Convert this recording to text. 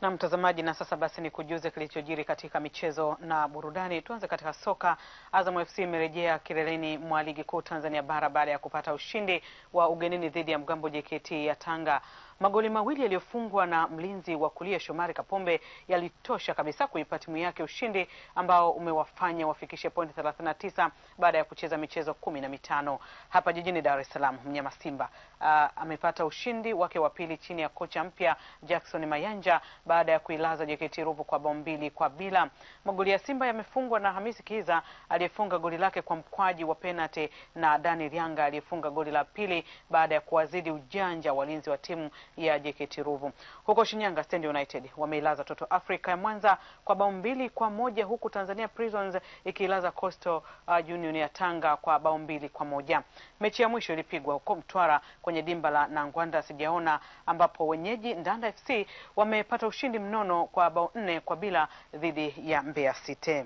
Na mtazamaji, na sasa basi ni kujuze kilichojiri katika michezo na burudani. Tuanze katika soka. Azam FC imerejea kileleni mwa ligi kuu Tanzania bara baada ya kupata ushindi wa ugenini dhidi ya Mgambo JKT ya Tanga. Magoli mawili yaliyofungwa na mlinzi wa kulia Shomari Kapombe yalitosha kabisa kuipa timu yake ushindi ambao umewafanya wafikishe pointi 39 baada ya kucheza michezo kumi na mitano. Hapa jijini Dar es Salaam, mnyama Simba uh, amepata ushindi wake wa pili chini ya kocha mpya Jackson Mayanja baada ya kuilaza JKT Ruvu kwa bao mbili kwa bila. Magoli ya Simba yamefungwa na Hamisi Kiiza aliyefunga goli lake kwa mkwaji wa penalti na Daniel Yanga aliyefunga goli la pili baada ya kuwazidi ujanja walinzi wa timu ya JKT Ruvu. Huko Shinyanga, Stand United wameilaza Toto Africa ya Mwanza kwa bao mbili kwa moja huku Tanzania Prisons ikiilaza Coastal uh, Union ya Tanga kwa bao mbili kwa moja. Mechi ya mwisho ilipigwa huko Mtwara kwenye dimba la Nangwanda Sijaona ambapo wenyeji Ndanda FC wamepata ushindi mnono kwa bao nne kwa bila dhidi ya Mbeya City.